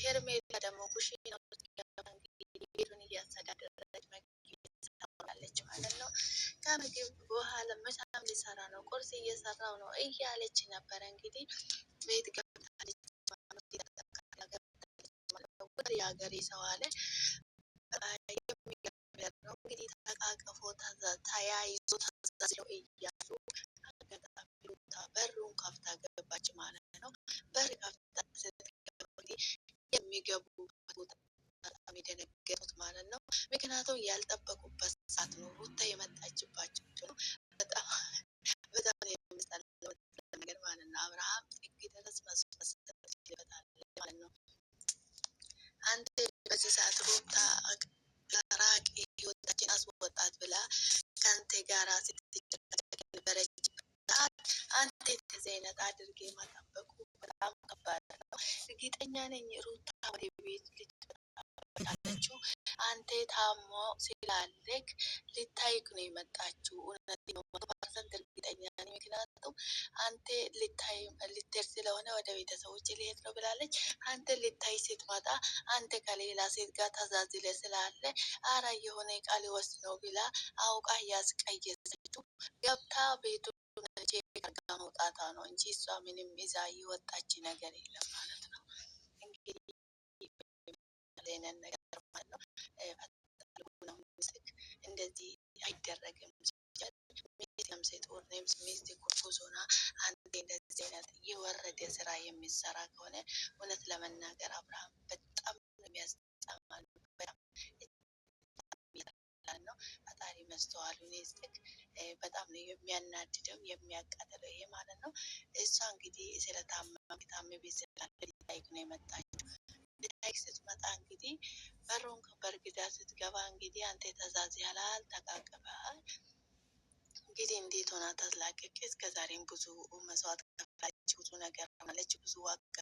ሄርሜላ ደግሞ ኩሽና ውስጥ ቤቱን እያስተዳደረች ትሰራለች ማለት ነው። ከምግብ በኋላ ምሳም ሊሰራ ነው፣ ቁርስ እየሰራው ነው እያለች ነበረ። እንግዲህ ቤት ገብታለች የሀገሬ ሰው አለ። እንግዲህ ተቃቅፎ ተያይዞ ተዛዝለው እያሉ አጋጣሚ በሩን ከፍታ ገባች ማለት ነው። በር ከፍታ የሚገቡበት ቦታ በጣም የደነገጡት ማለት ነው። ምክንያቱም ያልጠበቁበት ሰዓት ነው ሩታ የመጣችባቸው ነው። በጣም በጣም ነገር ማለት ነው። አብርሃም ጥግ ድረስ ማለት ነው። አንድ በዚህ ሰዓት ሩታ ራቂ ህይወታችን አስወጣት ብላ ከአንተ ጋራ ስትጨቃጨቅ ነበረች። አንተ እንደዚህ አይነት አድርጌ ማጠበቁ በጣም ጋር ነው። እርግጠኛ ነኝ ሩታ ወደ ቤት ልትመጣለችው። አንተ ታሞ ስላለክ ልታይክ ነው የመጣችው። እውነት መቶ ፐርሰንት እርግጠኛ ነኝ። ምክንያቱም አንተ ልታይ ልትሄድ ስለሆነ ወደ ቤተሰቦች ሊሄድ ነው ብላለች። አንተ ልታይ ስትመጣ አንተ ከሌላ ሴት ጋር ተዛዝለ ስላለ አራ የሆነ ቃል ወስድ ነው ብላ አውቃ ያስቀየሰችው ገብታ ቤቱ ወጥቼ ከርጋ መውጣቷ ነው እንጂ እሷ ምንም እዛ የወጣች ነገር የለም ማለት ነው። እንግዲህ ነገር ማለት ነው ምስክ እንደዚህ አይደረግም። ሚስት እንደዚህ አይነት የወረደ ስራ የሚሰራ ከሆነ እውነት ለመናገር አብርሃም ያስተዋሉን ይስጥቅ። በጣም ነው የሚያናድደው የሚያቃጥለው ይሄ ማለት ነው። እሷ እንግዲህ ስለታመታመ ቤት ስላልጠይቅ ነው የመጣችው። ልታይቅ ስትመጣ እንግዲህ በሩን በርግዳ ስትገባ እንግዲህ አንተ ተዛዝ ያላል ተቃቅበሃል። እንግዲህ እንዴት ሆና ታስላቅቅ እስከዛሬም ብዙ መስዋዕት ከፍላለች። ብዙ ነገር ማለች። ብዙ ዋጋ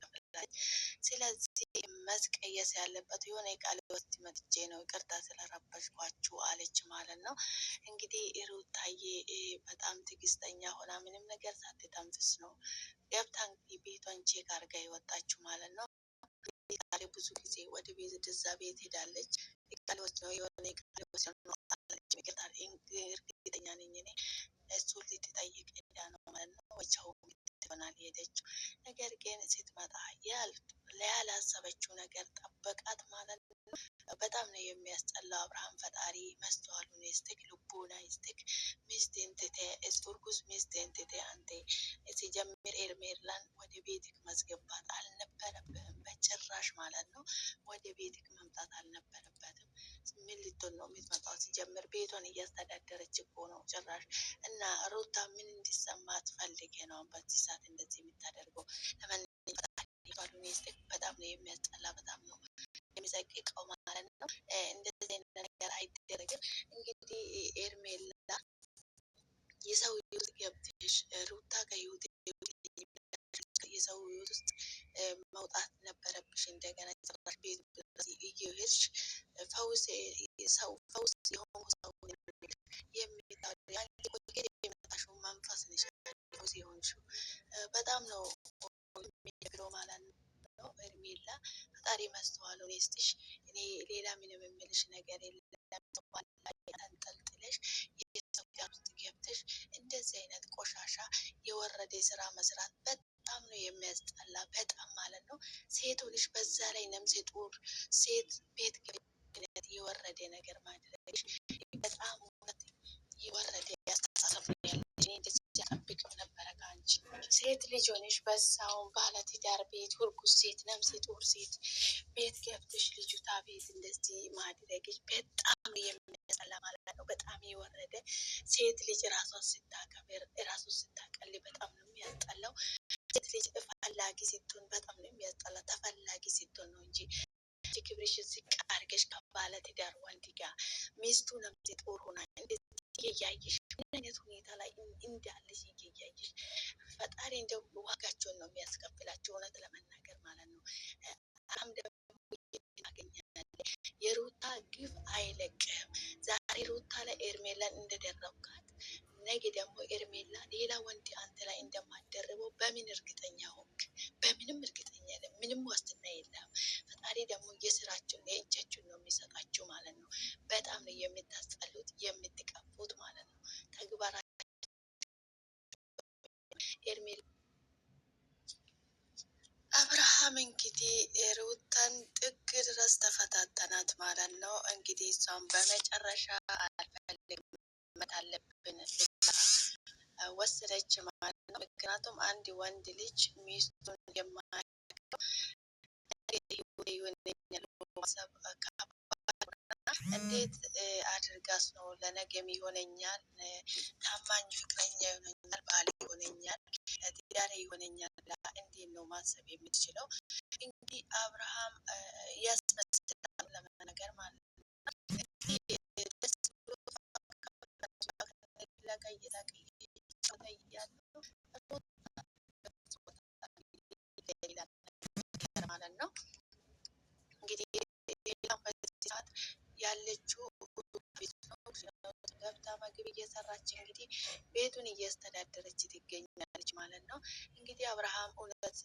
ስለዚህ መስቀየስ ያለበት የሆነ የቃል ወስድ መጥቼ ነው ይቅርታ ስለረበሽኳችሁ አለች ማለት ነው። እንግዲህ ሩታዬ በጣም ትግስተኛ ሆና ምንም ነገር ሳትተንፍስ ነው ገብታ እንግዲህ ቤቷን ቼክ አርጋ ይወጣችሁ ማለት ነው። ዛሬ ብዙ ጊዜ ወደ ቤት ድዛ ቤት ሄዳለች። ቃል ወስድ ነው የሆነ ቃል ወስድ ነው አለች። ይቅርታ እርግጠኛ ነኝ እኔ እሱ ልትጠይቅ ሄዳ ነው ማለት ነው ወቻው ይሆናል የሄደችው። ነገር ግን ስትመጣ ያላሰበችው ነገር ጠበቃት ማለት ነው። በጣም ነው የሚያስጠላው። አብርሃም ፈጣሪ መስተዋሉን ይስጥክ፣ ልቦና ይስጥክ። ሚስት እንትቴ እርጉዝ ሚስት እንትቴ አንተ ሲጀምር ኤርሜላን ወደ ቤትክ ማስገባት አልነበረብህም በጭራሽ ማለት ነው። ወደ ቤትክ መምጣት አልነበረበትም። ምን ልትሆን ነው የምትመጣው? ሲጀምር ቤቷን እያስተዳደረች እኮ ነው ጭራሽ። እና ሩታ ምን እንዲሰማ ትፈልጌ ነው በዚህ ሰዓት እንደዚህ የሚታደርገው? በጣም ነው የሚያስጠላ፣ በጣም ነው የሚዘቅቀው ማለት ነው። እንደዚህ አይነት ነገር አይደረግም። እንግዲህ ኤርሜላ የሰው ህይወት ገብትሽ ሩታ ከህይወት የሰው ህይወት ውስጥ መውጣት ነበረብሽ። እንደገና ቤት እየሄድሽ ፈውስ ሰው ፈውስ የሆኑ ሰው የሚመጣሽው መንፈስ ነሽ። የሆንሽው በጣም ነው የሚደብረው ማለት ነው። እድሜላ ፈጣሪ መስተዋለው ይስጥሽ። እኔ ሌላ ምንም የምልሽ ነገር የለም። ተንጠልጥለሽ የሰው ገብተሽ እንደዚህ አይነት ቆሻሻ የወረደ ስራ መስራት በጣም ነው የሚያስጠላ። በጣም ማለት ነው። ሴቱ ልጅ በዛ ላይ ነምሴ ጡር ሴት ቤት የወረደ ነገር ማድረግሽ በጣም እውነት የወረደ ያስተሳሰብ ያለች እንደዚህ ጠብቅም ነበረ ከአንቺ ሴት ልጅ ሆነሽ በዛውን ባለ ትዳር ቤት ሁርጉዝ ሴት ነምሴ ጡር ሴት ቤት ገብተሽ ልጁታ ቤት እንደዚህ ማድረግሽ በጣም የሚያሰላ ማለት ነው። በጣም የወረደ ሴት ልጅ ራሷን ስታከብር ራሷን ስታቀል በጣም ነው የሚያስጠላው። ሴት ልጅ ፈላጊ ስትሆን በጣም ነው የሚያስጠላ። ተፈላጊ ስትሆን ነው እንጂ አንቺ ክብርሽን ዝቅ አድርገሽ ከባለ ትዳር ወንድ ጋር ሚስቱ ነፍሴ ጦር ሆና እያየሽ ምን አይነት ሁኔታ ላይ እንዳለሽ እያየሽ ፈጣሪ እንደው ዋጋቸውን ነው የሚያስከፍላቸው። እውነት ለመናገር ማለት ነው። በጣም ደግሞ ታገኛለሽ። የሩታ ግፍ አይለቅም። ዛሬ ሩታ ላይ ኤርሜላን እንደደረብካት ነገ ደግሞ ኤርሜላ ሌላ ወንድ አንተ ላይ እንደማደረበው በምን እርግጠኛ ሆንክ? በምንም እርግጠኛ ምንም ዋስትና ደግሞ የስራቸውን የእጃቸውን ነው የሚሰጣቸው ማለት ነው። በጣም ነው የምታስጠሉት የምትቀፉት ማለት ነው። ተግባራቸው አብርሃም እንግዲህ ሩታን ጥግ ድረስ ተፈታተናት ማለት ነው። እንግዲህ እሷን በመጨረሻ አልፈልግም አለብን ወሰነች ማለት ነው። ምክንያቱም አንድ ወንድ ልጅ ሚስቱን የማ ማሰብ እንዴት አድርጋስ ነው ለነገም የሚሆነኛል ታማኝ ፍቅረኛ ይሆነኛል፣ ባል ይሆነኛል፣ ትዳር ይሆነኛል እንዴት ነው ማሰብ የምትችለው? እንግዲህ አብርሃም ያስመ እየሰራች እንግዲህ ቤቱን እያስተዳደረች ትገኛለች ማለት ነው። እንግዲህ አብርሃም እውነት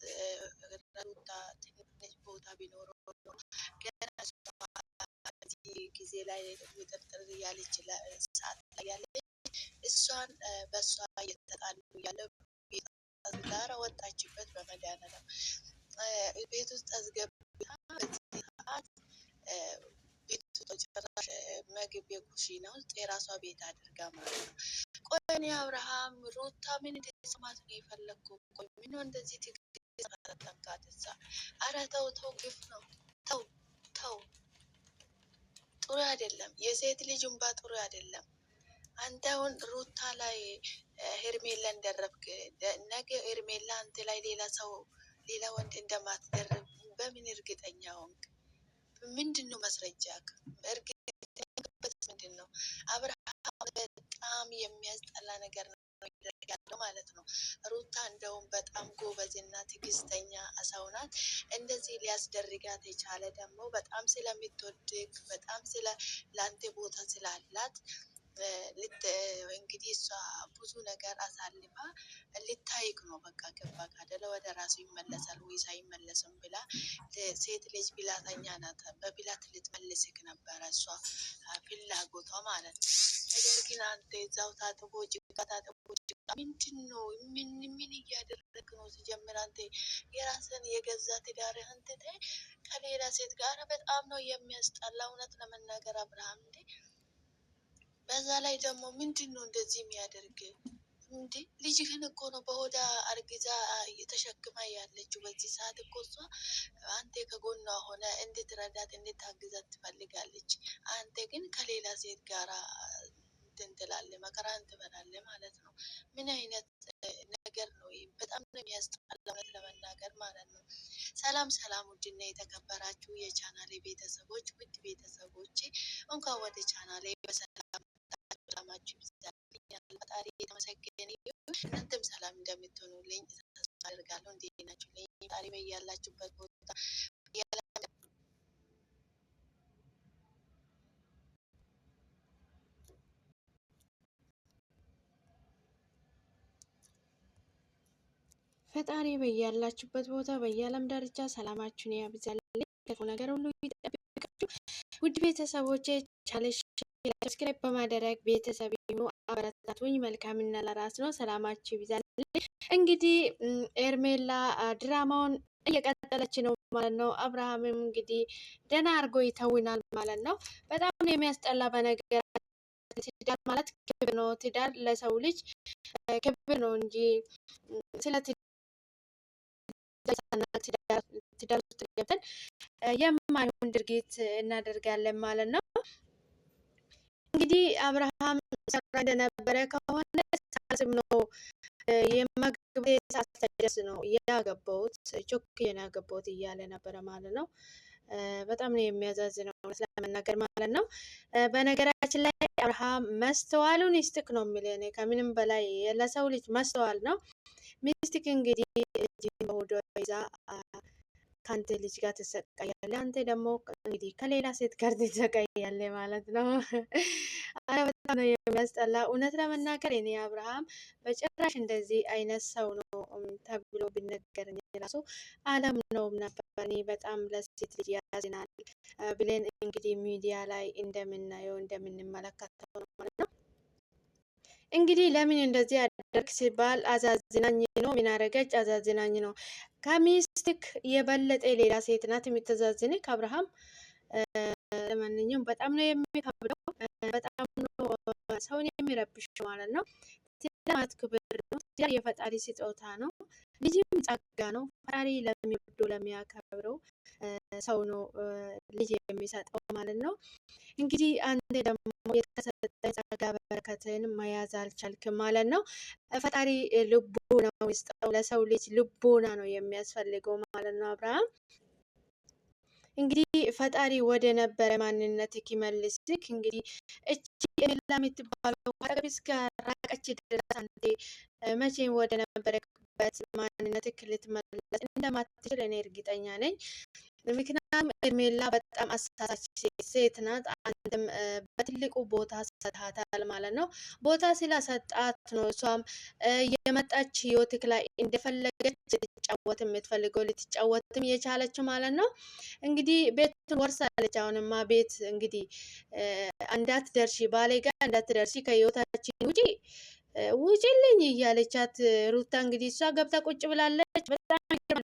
ትንሽ ቦታ ቢኖረው ገና ጊዜ ላይ ውጥርጥር እያለች ሰዓት ላይ ያለች እሷን በእሷ እየተጣሉ እያለ ዳር ወጣችበት በመዳነ ነው ቤት ውስጥ አስገብ ኩሽና ውስጥ የራሷ ቤት አድርጋ ማለት ነው። ቆይ እኔ አብርሃም ሩታ ምን እንደሰማት ነው የፈለግኩ። ቆይ ምን እንደዚህ ትግጠንካትሳ? አረ ተው ተው፣ ግፍ ነው። ተው ተው፣ ጥሩ አይደለም። የሴት ልጅ እንባ ጥሩ አይደለም። አንተ አሁን ሩታ ላይ ሄርሜላ እንደረብክ ነገ ሄርሜላ አንተ ላይ ሌላ ሰው ሌላ ወንድ እንደማትደርብ በምን እርግጠኛ ሆንክ? ምንድን ነው መስረጃክ? አብርሃም በጣም የሚያስጠላ ነገር ነው ያለው ማለት ነው። ሩታ እንደውም በጣም ጎበዝና ትግስተኛ ሰው ናት። እንደዚህ ሊያስደርጋት የቻለ ደግሞ በጣም ስለምትወድቅ በጣም ስለ ላንቴ ቦታ ስላላት እንግዲህ እሷ ብዙ ነገር አሳልፋ ልታይክ ነው። በቃ ገባ ካደለ ወደ ራሱ ይመለሳል ወይስ አይመለስም ብላ ሴት ልጅ ቢላተኛ ናት። በቢላት ልትመልስክ ነበረ እሷ ፍላጎቷ ማለት ነው። ነገር ግን አንተ እዛው ታጥቦ ጭቃ ታጥቦ ጭቃ ምንድን ነው? ምን ምን እያደረግ ነው? ሲጀምር አንተ የራስን የገዛ ትዳርህ እንትተ ከሌላ ሴት ጋር በጣም ነው የሚያስጠላ። እውነት ለመናገር አብርሃም እንዴ በዛ ላይ ደግሞ ምንድን ነው እንደዚህ የሚያደርግ እንዴ? ልጅህን እኮ ነው በሆዳ አርግዛ እየተሸክማ ያለችው። በዚህ ሰዓት እኮ እሷ አንተ ከጎኗ ሆነ እንድትረዳት እንድታግዛት ትፈልጋለች። አንተ ግን ከሌላ ሴት ጋራ ትንትላለ መከራን ትበላለ ማለት ነው። ምን አይነት ነገር ነው? በጣም ነው የሚያስጠላለት ለመናገር ማለት ነው። ሰላም ሰላም፣ ውድና የተከበራችሁ የቻናሌ ቤተሰቦች ውድ ቤተሰቦቼ እንኳን ወደ ቻናሌ በሰላም ሳመሰግን እናንተም ሰላም እንደምትሆኑልኝ ተስፋ አድርጋለሁ። እንዴት ናችሁልኝ? ዛሬ በያላችሁበት ቦታ ፈጣሪ በያላችሁበት ቦታ በየዓለም ዳርቻ ሰላማችሁን ያብዛልኝ። ነገር ሁሉ ይጠብቃችሁ። ውድ ቤተሰቦቼ ቻለሽ ሰብስክራይብ በማድረግ ቤተሰብ አበረታቱኝ። እና ለራስ ነው። ሰላማችሁ ይብዛልኝ። እንግዲህ ኤርሜላ ድራማውን እየቀጠለች ነው ማለት ነው። አብርሃምም እንግዲህ ደህና አድርጎ ይተውናል ማለት ነው። በጣም የሚያስጠላ። በነገር ትዳር ማለት ክብር ነው። ትዳር ለሰው ልጅ ክብር ነው እንጂ ስለ ትዳር ውስጥ ገብተን የማይሆን ድርጊት እናደርጋለን ማለት ነው። እንግዲህ አብርሃም ሰራ እንደነበረ ከሆነ ሳስብ ነው የመግብ ሳስተደስ ነው ያገባሁት ቾክ ያገባሁት እያለ ነበረ ማለት ነው። በጣም ነው የሚያዛዝነው ስለመናገር ማለት ነው። በነገራችን ላይ አብርሃም መስተዋሉን ይስጥክ ነው የሚል እኔ ከምንም በላይ ለሰው ልጅ መስተዋል ነው። ሚስትክ እንግዲህ እጅ በሆዷ ይዛ ከአንተ ልጅ ጋር ትሰቃያለ፣ አንተ ደግሞ እንግዲህ ከሌላ ሴት ጋር ትሰቃያለ ማለት ነው። አይ በጣም ነው የሚያስጠላ። እውነት ለመናገር እኔ አብርሃም በጭራሽ እንደዚህ አይነት ሰው ነው ተብሎ ቢነገር ራሱ አለም ነው ነበር። እኔ በጣም ለሴት ልጅ ያዝናል ብለን እንግዲህ ሚዲያ ላይ እንደምናየው እንደምንመለከተው ነው ማለት ነው። እንግዲህ ለምን እንደዚህ ያደርግ ሲባል አዛዝናኝ ነው። ምን አረገች? አዛዝናኝ ነው። ከሚስትክ የበለጠ ሌላ ሴት ናት የምትዛዝን ከአብርሃም። ለማንኛውም በጣም ነው የሚከብደው፣ በጣም ነው ሰውን የሚረብሽ ማለት ነው። ትዳር ክብር ነው። የፈጣሪ ስጦታ ነው። ልጅም ጸጋ ነው። ፈጣሪ ለሚወደው ለሚያከብረው ሰው ነው ልጅ የሚሰጠው ማለት ነው። እንግዲህ አንዴ ደግሞ የተሰ አመለካከትን መያዝ አልቻልክም ማለት ነው። ፈጣሪ ልቦና ይስጠው። ለሰው ልጅ ልቦና ነው የሚያስፈልገው ማለት ነው አብርሃም እንግዲህ ፈጣሪ ወደ ነበረ ማንነት ይመልስክ። እንግዲህ እቺ ኤላ የምትባለው አጠገብ እስከ ራቀች ድረስ አንተ መቼም ወደ ነበረበት ማንነት ክልት መለስ እንደማትችል እኔ እርግጠኛ ነኝ። ምክንያቱም እድሜላ በጣም አሳሳች ሴት ናት። አንድም በትልቁ ቦታ ሰጥሃታል ማለት ነው። ቦታ ስላሰጣት ነው እሷም የመጣች ህይወትክ ላይ እንደፈለገች ልትጫወት የምትፈልገው ልትጫወትም የቻለችው ማለት ነው። እንግዲህ ቤቱን ወርሳለች። አሁንማ ቤት እንግዲህ አንዳት ደርሺ ባሌ ጋር አንዳት ደርሺ ከህይወታችን ውጪ ውጪልኝ እያለቻት ሩታ እንግዲህ እሷ ገብታ ቁጭ ብላለች በጣም